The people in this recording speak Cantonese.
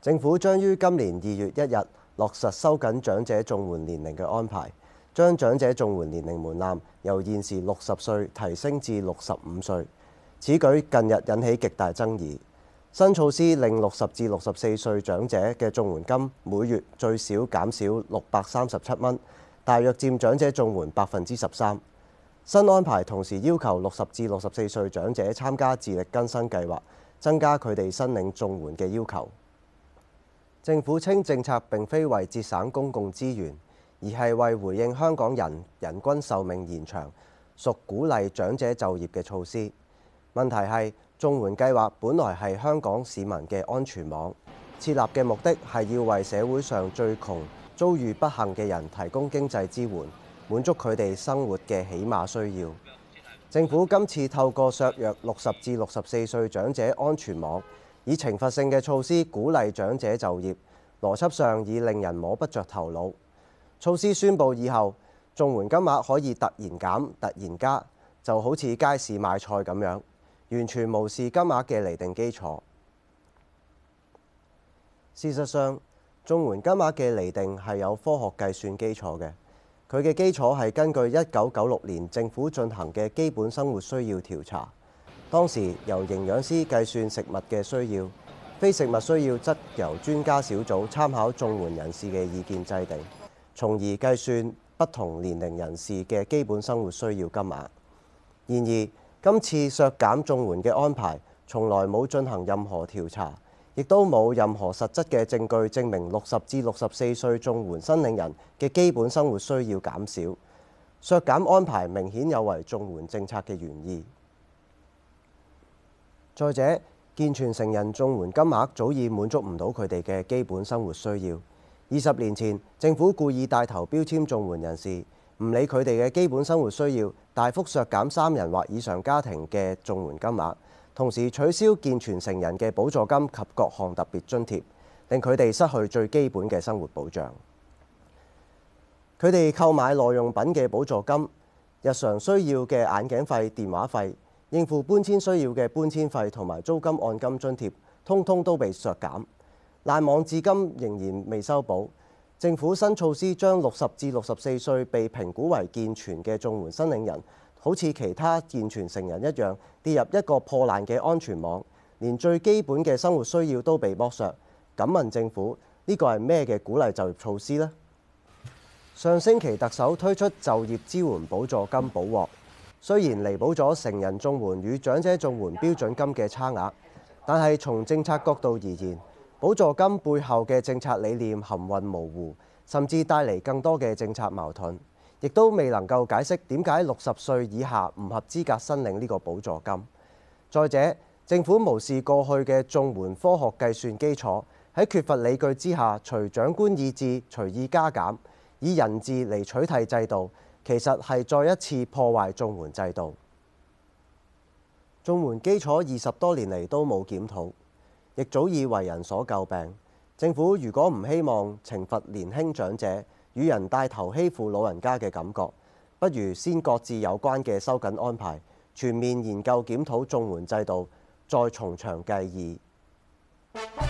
政府將於今年二月一日落實收緊長者綜援年齡嘅安排，將長者綜援年齡門檻由現時六十歲提升至六十五歲。此舉近日引起極大爭議。新措施令六十至六十四歲長者嘅綜援金每月最少減少六百三十七蚊，大約佔長者綜援百分之十三。新安排同時要求六十至六十四歲長者參加自力更生計劃，增加佢哋申領綜援嘅要求。政府稱政策並非為節省公共資源，而係為回應香港人人均壽命延長，屬鼓勵長者就業嘅措施。問題係，綜援計劃本來係香港市民嘅安全網，設立嘅目的係要為社會上最窮、遭遇不幸嘅人提供經濟支援，滿足佢哋生活嘅起碼需要。政府今次透過削弱六十至六十四歲長者安全網，以懲罰性嘅措施鼓勵長者就業，邏輯上已令人摸不着頭腦。措施宣布以後，綜援金額可以突然減、突然加，就好似街市買菜咁樣，完全無視金額嘅釐定基礎。事實上，綜援金額嘅釐定係有科學計算基礎嘅，佢嘅基礎係根據一九九六年政府進行嘅基本生活需要調查。當時由營養師計算食物嘅需要，非食物需要則由專家小組參考綜援人士嘅意見制定，從而計算不同年齡人士嘅基本生活需要金額。然而，今次削減綜援嘅安排從來冇進行任何調查，亦都冇任何實質嘅證據證明六十至六十四歲綜援申領人嘅基本生活需要減少。削減安排明顯有違綜援政策嘅原意。再者，健全成人綜援金額早已滿足唔到佢哋嘅基本生活需要。二十年前，政府故意帶頭標籤綜援人士，唔理佢哋嘅基本生活需要，大幅削減三人或以上家庭嘅綜援金額，同時取消健全成人嘅補助金及各項特別津貼，令佢哋失去最基本嘅生活保障。佢哋購買耐用品嘅補助金、日常需要嘅眼鏡費、電話費，應付搬遷需要嘅搬遷費同埋租金按金津貼，通通都被削減。爛網至今仍然未修補。政府新措施將六十至六十四歲被評估為健全嘅綜援申領人，好似其他健全成人一樣，跌入一個破爛嘅安全網，連最基本嘅生活需要都被剝削。敢問政府呢個係咩嘅鼓勵就業措施呢？上星期特首推出就業支援補助金補獲。雖然彌補咗成人綜援與長者綜援標準金嘅差額，但係從政策角度而言，補助金背後嘅政策理念含混模糊，甚至帶嚟更多嘅政策矛盾，亦都未能夠解釋點解六十歲以下唔合資格申領呢個補助金。再者，政府無視過去嘅綜援科學計算基礎，喺缺乏理據之下，隨長官意志隨意加減，以人治嚟取締制度。其實係再一次破壞綜援制度。綜援基礎二十多年嚟都冇檢討，亦早已為人所詬病。政府如果唔希望懲罰年輕長者與人帶頭欺負老人家嘅感覺，不如先擱置有關嘅收緊安排，全面研究檢討綜援制度，再從長計議。